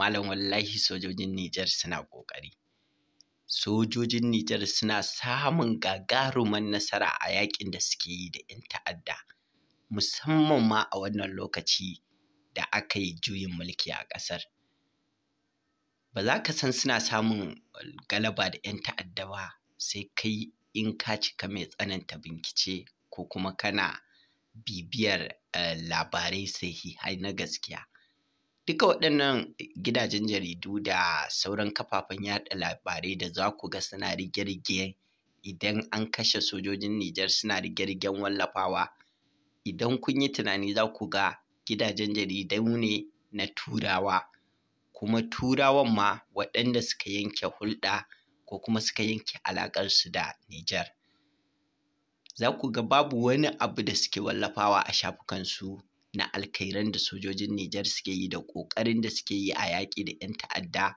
malam wallahi sojojin Nijar suna ƙoƙari. Sojojin Nijar suna samun gagaruman nasara a yakin da suke yi da 'yan ta'adda, musamman ma a wannan lokaci da aka yi juyin mulki a ƙasar. Ba za ka san suna samun galaba da 'yan ta'adda ba sai kai in ka cika mai tsananta bincike ko kuma kana bibiyar eh, labarai sahihai na gaskiya. Duka waɗannan gidajen jaridu da sauran kafafen yaɗa labarai da za ku ga suna rige-rige idan an kashe sojojin Nijar suna rige-rigen wallafawa. Idan kun yi tunani za ku ga gidajen jaridu ne na Turawa, kuma Turawan ma waɗanda suka yanke hulɗa ko kuma suka yanke alaƙarsu da Nijar. Za ku ga babu wani abu da suke wallafawa a shafukansu na alkairan da sojojin Nijar suke yi da ƙoƙarin da suke yi a yaƙi da 'yan ta'adda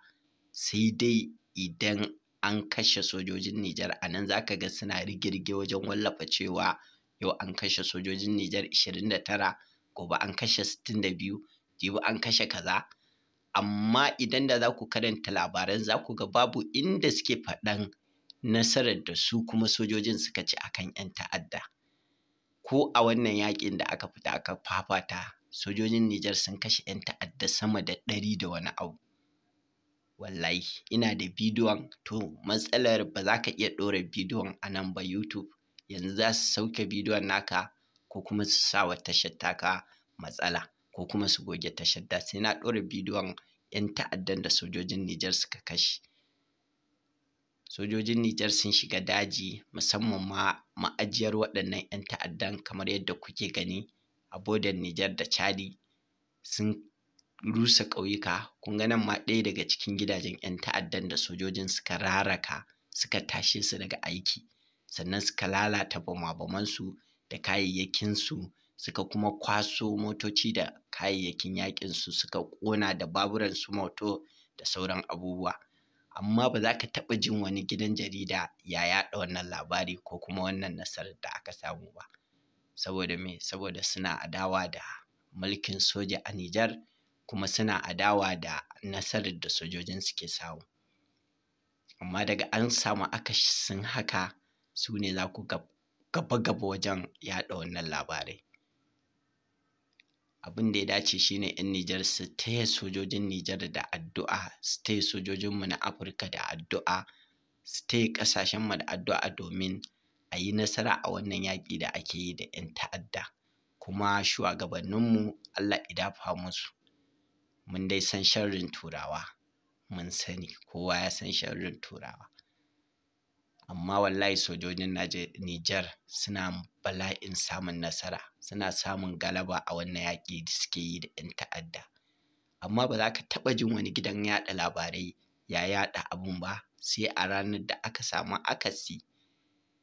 sai dai idan an kashe sojojin Nijar a nan za ga suna rigirge wajen wallafa cewa yau an kashe sojojin Nijar 29 gobe an kashe 62 jibi an kashe kaza amma idan da za ku karanta labaran za ku ga babu inda suke faɗan nasarar da su kuma sojojin suka ci akan 'yan ta'adda. ko a wannan yakin da aka fita aka fafata sojojin Nijar sun kashe 'yan ta'adda sama da ɗari da wani abu. Wallahi, ina da bidiyon to matsalar ba za ka iya ɗora bidiyon a nan ba YouTube, yanzu za su sauke bidiyon naka ko kuma su sa wa tashar taka matsala ko kuma su goge tashar da sai na ɗora bidiyon 'yan ta'addan da sojojin Nijar suka kashe. sojojin Nijar sun shiga daji musamman ma ma'ajiyar waɗannan 'yan ta'addan kamar yadda kuke gani a bodar Nijar da Chadi sun rusa ƙauyuka kun ga nan ma ɗaya daga cikin gidajen 'yan ta'addan da sojojin suka raraka suka tashe su daga aiki sannan suka lalata bama su da kayayyakin su, suka kuma kwaso motoci da kayayyakin su suka ƙona da baburan su moto da sauran abubuwa amma ba za ka taɓa jin wani gidan jarida ya yaɗa wannan labari ko kuma wannan nasarar da aka samu ba saboda me saboda suna adawa da mulkin soja a Nijar kuma suna adawa da nasarar da sojojin suke samu amma daga an samu sun haka su ne za ku gaba-gaba wajen yaɗa wannan labarai abin da ya dace shine 'yan Nijar su taya sojojin Nijar da addu'a su taya sojojinmu na Afirka da addu'a su taya ƙasashenmu da addu'a domin a yi nasara a wannan yaƙi da ake yi da 'yan ta'adda kuma shugabanninmu Allah idafa musu mun dai san sharrin turawa mun sani kowa ya san sharrin turawa amma wallahi sojojin Nijar suna bala'in samun nasara suna samun galaba a wannan yaƙi da suke yi da 'yan ta'adda amma ba za ka taɓa jin wani gidan yaɗa labarai ya yaɗa abun ba sai a ranar da aka samu akasi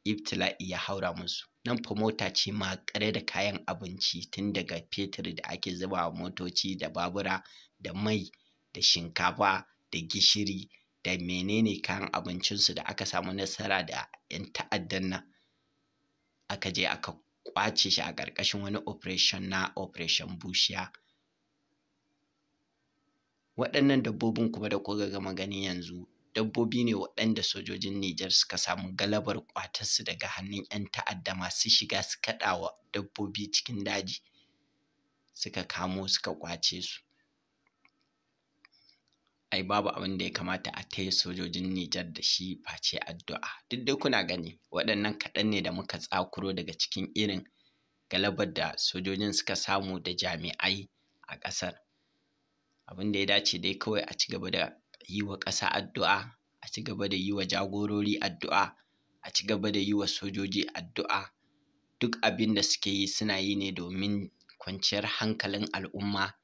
ibtila'i ya haura musu nan fa mota ce makare da kayan abinci tun daga fetur da ake zuba motoci da babura da mai da shinkafa da gishiri da menene kayan abincinsu da aka samu nasara da 'yan ta'addan nan aka je aka kwace shi a ƙarƙashin wani operation na operation bushiya waɗannan dabbobin kuma da koga gama gani yanzu dabbobi ne waɗanda sojojin Nijar suka samu galabar kwatarsu daga hannun 'yan ta'adda masu shiga su kaɗawa dabbobi cikin daji suka kamo suka kwace su ai babu abin da ya kamata a taya sojojin Nijar da shi face addu'a duk dai kuna gani waɗannan kaɗan ne da muka tsakuro daga cikin irin galabar da sojojin suka samu da jami'ai a ƙasar abin da ya dace dai kawai a ci gaba da yi wa ƙasa addu'a a ci gaba da yi wa jagorori addu'a a ci gaba da yi wa sojoji addu'a duk abin da suke yi suna yi ne domin kwanciyar hankalin al'umma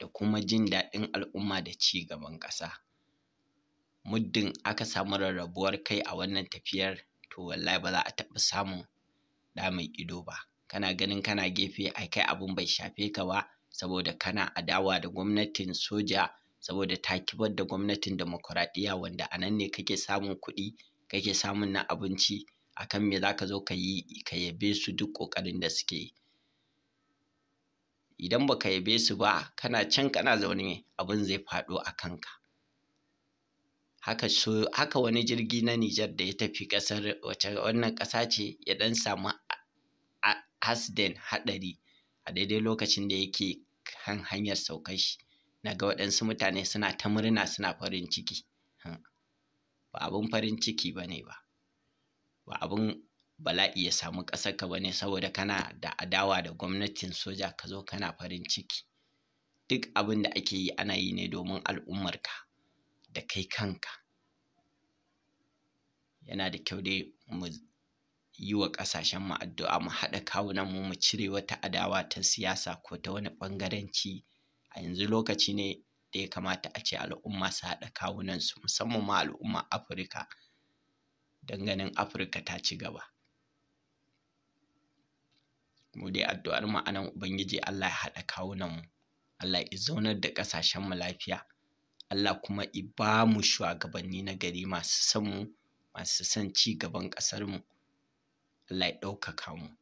da kuma jin daɗin al'umma da ci gaban ƙasa. Muddin aka samu rarrabuwar kai a wannan tafiyar to wallahi ba za a taɓa samun ɗa mai ido ba. Kana ganin kana gefe a kai abin bai shafe ka ba saboda kana adawa da gwamnatin soja saboda ta kibar da gwamnatin demokuraɗiyya wanda a nan ne kake samun kuɗi kake samun na abinci akan me za ka zo ka yi ka yabe su duk ƙoƙarin da suke yi. idan baka yabe su ba kana can kana zaune abin zai faɗo a kanka haka wani jirgi na Nijar da ya tafi ƙasar wacce wannan ƙasa ce ya ɗan samu hasden haɗari a daidai lokacin da yake kan hanyar saukar shi na ga waɗansu mutane suna ta murna suna farin ciki hm. ba abin farin ciki ba ne ba ba abin bala'i ya samu ƙasarka ba ne saboda kana da adawa da gwamnatin soja ka zo kana farin ciki duk abin da ake yi ana yi ne domin al'ummarka da kai kanka yana da kyau dai mu yi wa mu addu'a mu haɗa kawunan mu mu cire wata adawa ta siyasa ko ta wani ɓangaranci a yanzu lokaci ne da ya kamata a ce al'umma su haɗa kawunan su, musamman ma al'umma afirka dan ganin afirka ta ci gaba mu dai addu'ar mu anan ubangiji Allah ya haɗa kawunan mu Allah ya zaunar da ƙasashen mu lafiya Allah kuma i ba mu shugabanni na gari masu san mu masu san ci gaban ƙasarmu, mu Allah ya ɗaukaka mu